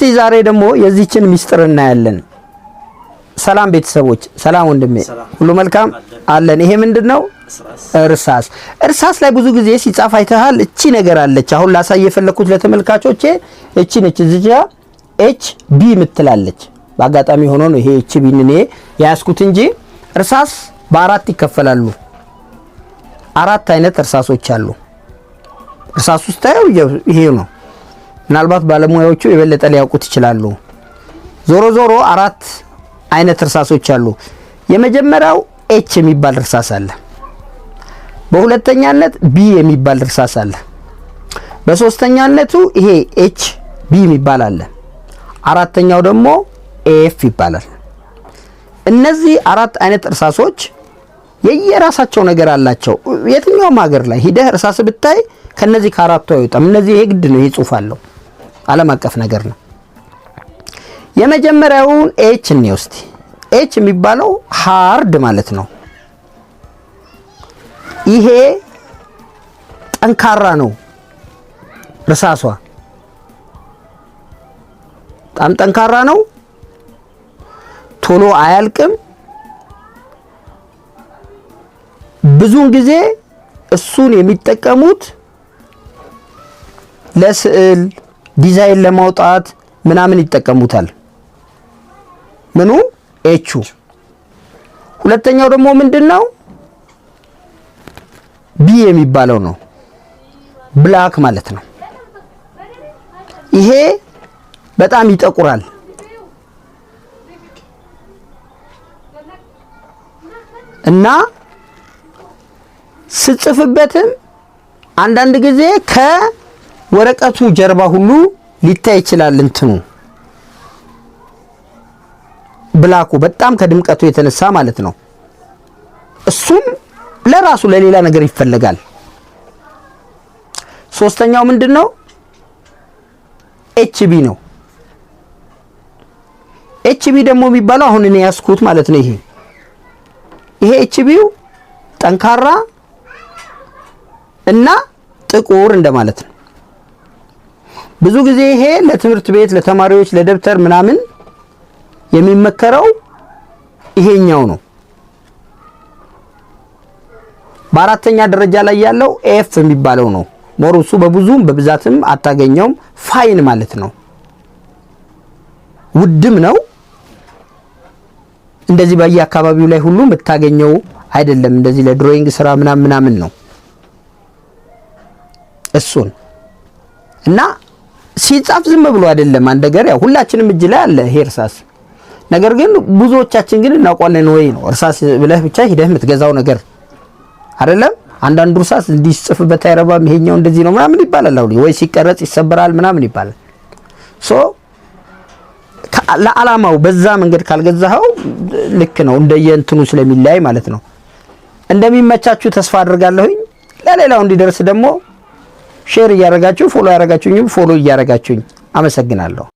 እስቲ ዛሬ ደግሞ የዚችን ሚስጥር እናያለን። ሰላም ቤተሰቦች፣ ሰላም ወንድሜ፣ ሁሉ መልካም አለን። ይሄ ምንድን ነው? እርሳስ። እርሳስ ላይ ብዙ ጊዜ ሲጻፍ አይተሃል። እቺ ነገር አለች። አሁን ላሳይ የፈለኩት ለተመልካቾቼ እቺ ነች። እዚህ ጋር ኤች ቢ ምትላለች። በአጋጣሚ ሆኖ ነው ይሄ ኤች ቢን እኔ ያያዝኩት እንጂ እርሳስ በአራት ይከፈላሉ። አራት አይነት እርሳሶች አሉ። ውስጥ ታየው ይሄ ነው ምናልባት ባለሙያዎቹ የበለጠ ሊያውቁት ይችላሉ። ዞሮ ዞሮ አራት አይነት እርሳሶች አሉ። የመጀመሪያው ኤች የሚባል እርሳስ አለ። በሁለተኛነት ቢ የሚባል እርሳስ አለ። በሶስተኛነቱ ይሄ ኤች ቢ የሚባል አለ። አራተኛው ደግሞ ኤፍ ይባላል። እነዚህ አራት አይነት እርሳሶች የየራሳቸው ነገር አላቸው። የትኛውም ሀገር ላይ ሂደህ እርሳስ ብታይ ከነዚህ ከአራቱ አይወጣም። እነዚህ ይሄ ግድ ነው፣ ይሄ ጽሁፍ አለው። ዓለም አቀፍ ነገር ነው። የመጀመሪያውን ኤች እኔ ውስጥ ኤች የሚባለው ሃርድ ማለት ነው። ይሄ ጠንካራ ነው። እርሳሷ በጣም ጠንካራ ነው። ቶሎ አያልቅም። ብዙውን ጊዜ እሱን የሚጠቀሙት ለስዕል ዲዛይን ለማውጣት ምናምን ይጠቀሙታል። ምኑ ኤቹ። ሁለተኛው ደግሞ ምንድን ነው? ቢ የሚባለው ነው ብላክ ማለት ነው። ይሄ በጣም ይጠቁራል። እና ስጽፍበትም አንዳንድ ጊዜ ከ ወረቀቱ ጀርባ ሁሉ ሊታይ ይችላል። እንትኑ ብላኩ በጣም ከድምቀቱ የተነሳ ማለት ነው። እሱም ለራሱ ለሌላ ነገር ይፈለጋል። ሶስተኛው ምንድን ነው? ኤችቢ ነው። ኤችቢ ደግሞ የሚባለው አሁን እኔ ያስኩት ማለት ነው። ይሄ ይሄ ኤችቢው ጠንካራ እና ጥቁር እንደማለት ነው። ብዙ ጊዜ ይሄ ለትምህርት ቤት ለተማሪዎች ለደብተር ምናምን የሚመከረው ይሄኛው ነው። በአራተኛ ደረጃ ላይ ያለው ኤፍ የሚባለው ነው። ሞሩሱ በብዙም በብዛትም አታገኘውም። ፋይን ማለት ነው። ውድም ነው። እንደዚህ በየአካባቢው ላይ ሁሉ የምታገኘው አይደለም። እንደዚህ ለድሮይንግ ስራ ምናምን ምናምን ነው እሱን እና ሲጻፍ ዝም ብሎ አይደለም። አንድ ነገር ያው ሁላችንም እጅ ላይ አለ ይሄ እርሳስ ነገር ግን ብዙዎቻችን ግን እናውቋለን ወይ ነው እርሳስ ብለህ ብቻ ሂደህ የምትገዛው ነገር አይደለም። አንዳንዱ እርሳስ እንዲጽፍበት አይረባም፣ ይሄኛው እንደዚህ ነው ምናምን ይባላል። አሁን ወይ ሲቀረጽ ይሰበራል ምናምን ይባላል። ሶ ለዓላማው በዛ መንገድ ካልገዛኸው ልክ ነው፣ እንደየእንትኑ ስለሚለያይ ማለት ነው። እንደሚመቻችሁ ተስፋ አድርጋለሁኝ። ለሌላው እንዲደርስ ደግሞ ሼር እያደረጋችሁ ፎሎ ያደረጋችሁኝም ፎሎ እያደረጋችሁኝ አመሰግናለሁ።